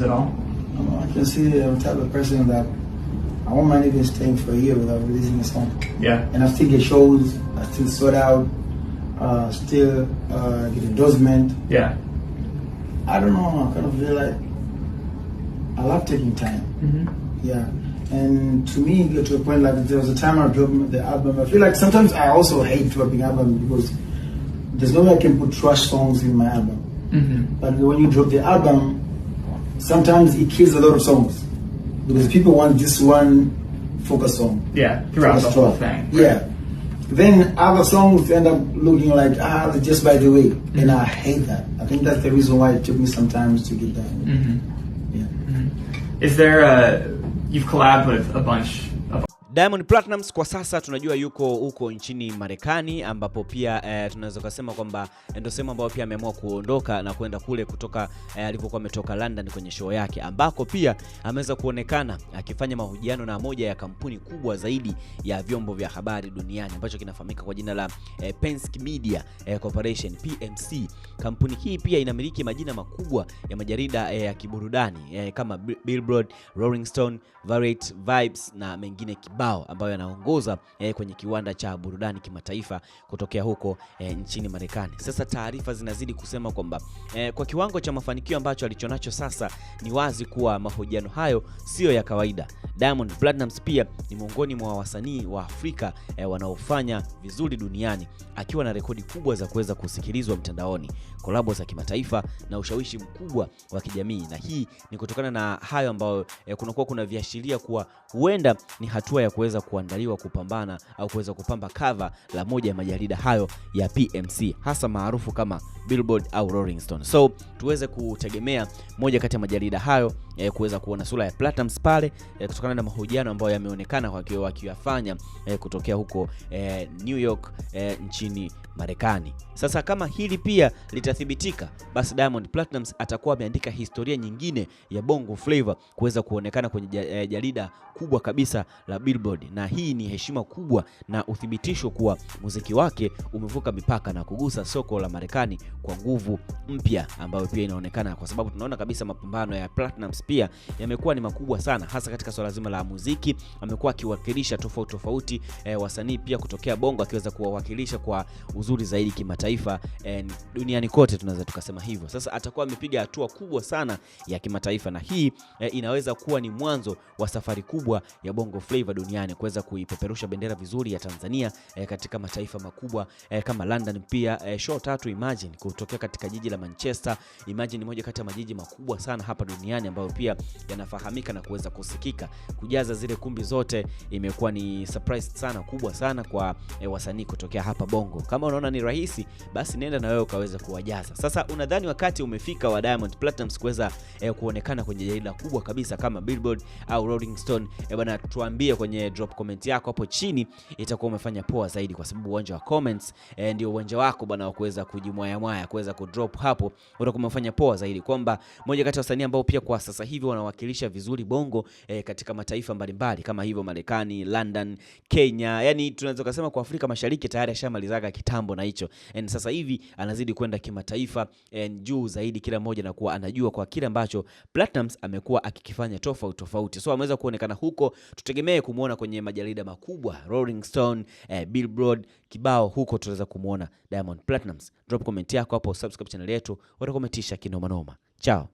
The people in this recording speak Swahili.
changes at all? I can see the type of person that I won't mind even staying for a year without releasing a song. Yeah. And I still get shows, I still sort out, uh, still uh, get endorsement. Yeah. I don't know, I kind of feel like I love taking time. Mm-hmm. Yeah. And to me, get to a point like there was a time I dropped the album. I feel like sometimes I also hate dropping albums because there's no way I can put trash songs in my album. Mm-hmm. But when you drop the album, sometimes it kills a lot of songs because people want this one focus song. Yeah, throughout the whole thing. Right? Yeah. Then other songs end up looking like ah, just by the way, mm-hmm. and I hate that. I think that's the reason why it took me some time to get that. Mm-hmm. Yeah. Mm-hmm. Is there a you've collabed with a bunch Diamond Platnumz kwa sasa tunajua yuko huko nchini Marekani ambapo pia e, tunaweza kusema kwamba eh, ndio sehemu ambayo pia ameamua kuondoka na kwenda kule kutoka e, eh, alipokuwa ametoka London kwenye show yake ambako pia ameweza kuonekana akifanya mahojiano na moja ya kampuni kubwa zaidi ya vyombo vya habari duniani ambacho kinafahamika kwa jina la e, Penske Media e, Corporation PMC. Kampuni hii pia inamiliki majina makubwa ya majarida e, ya kiburudani e, kama Billboard, Rolling Stone, Variety, Vibes na mengine kibu mabao ambayo yanaongoza eh, kwenye kiwanda cha burudani kimataifa kutokea huko eh, nchini Marekani. Sasa taarifa zinazidi kusema kwamba eh, kwa kiwango cha mafanikio ambacho alichonacho sasa, ni wazi kuwa mahojiano hayo siyo ya kawaida. Diamond Platnumz pia ni miongoni mwa wasanii wa Afrika eh, wanaofanya vizuri duniani akiwa na rekodi kubwa za kuweza kusikilizwa mtandaoni, kolabo za kimataifa na ushawishi mkubwa wa kijamii, na hii ni kutokana na hayo ambayo eh, kunakuwa kuna viashiria kuwa huenda ni hatua ya ya kuweza kuandaliwa kupambana au kuweza kupamba cover la moja ya majarida hayo ya PMC hasa maarufu kama Billboard au Rolling Stone. So tuweze kutegemea moja kati ya majarida hayo eh, kuweza kuona sura ya Platinums pale eh, kutokana na mahojiano ambayo yameonekana wakiyafanya eh, kutokea huko eh, New York eh, nchini Marekani. Sasa kama hili pia litathibitika, basi Diamond Platinums atakuwa ameandika historia nyingine ya Bongo Flava kuweza kuonekana kwenye jarida kubwa kabisa la Billboard Billboard, na hii ni heshima kubwa na uthibitisho kuwa muziki wake umevuka mipaka na kugusa soko la Marekani kwa nguvu mpya ambayo pia inaonekana, kwa sababu tunaona kabisa mapambano ya Platnumz pia yamekuwa ni makubwa sana, hasa katika swala zima la muziki. Amekuwa akiwakilisha tofauti tofauti e, wasanii pia kutokea Bongo akiweza kuwawakilisha kwa uzuri zaidi kimataifa, e, duniani kote tunaweza tukasema hivyo. Sasa atakuwa amepiga hatua kubwa sana ya kimataifa na hii e, inaweza kuwa ni mwanzo wa safari kubwa ya Bongo Flava duniani duniani kuweza kuipeperusha bendera vizuri ya Tanzania e, katika mataifa makubwa e, kama London pia e, show tatu Imagine kutokea katika jiji la Manchester. Imagine ni moja kati ya majiji makubwa sana hapa duniani ambayo pia yanafahamika na kuweza kusikika. Kujaza zile kumbi zote imekuwa ni surprise sana kubwa sana kwa e, wasanii kutokea hapa Bongo. Kama unaona ni rahisi, basi nenda na wewe ukaweza kuwajaza. Sasa unadhani wakati umefika wa Diamond Platnumz kuweza e, kuonekana kwenye jarida kubwa kabisa kama Billboard au Rolling Stone? E, bana tuambie kwenye kwenye drop comment yako hapo chini, itakuwa umefanya poa zaidi, kwa sababu uwanja wa comments e, ndio uwanja wako bwana wa kuweza kujimwaya mwaya, kuweza kudrop hapo, utakuwa umefanya poa zaidi, kwamba moja kati ya wasanii ambao pia kwa sasa hivi wanawakilisha vizuri Bongo e, katika mataifa mbalimbali kama hivyo Marekani, London, Kenya, yani tunaweza kusema kwa Afrika Mashariki tayari ashamalizaga kitambo na hicho, and sasa hivi anazidi kwenda kimataifa juu zaidi, kila mmoja na kuwa anajua kwa kile ambacho Platnumz amekuwa akikifanya tofauti tofauti, so ameweza kuonekana huko, tutegemee kumuona kumwona kwenye majarida makubwa Rolling Stone, eh, Billboard, kibao huko tutaweza kumwona Diamond Platnumz. Drop comment yako hapo, subscribe channel yetu, utakometisha kinoma noma. Chao.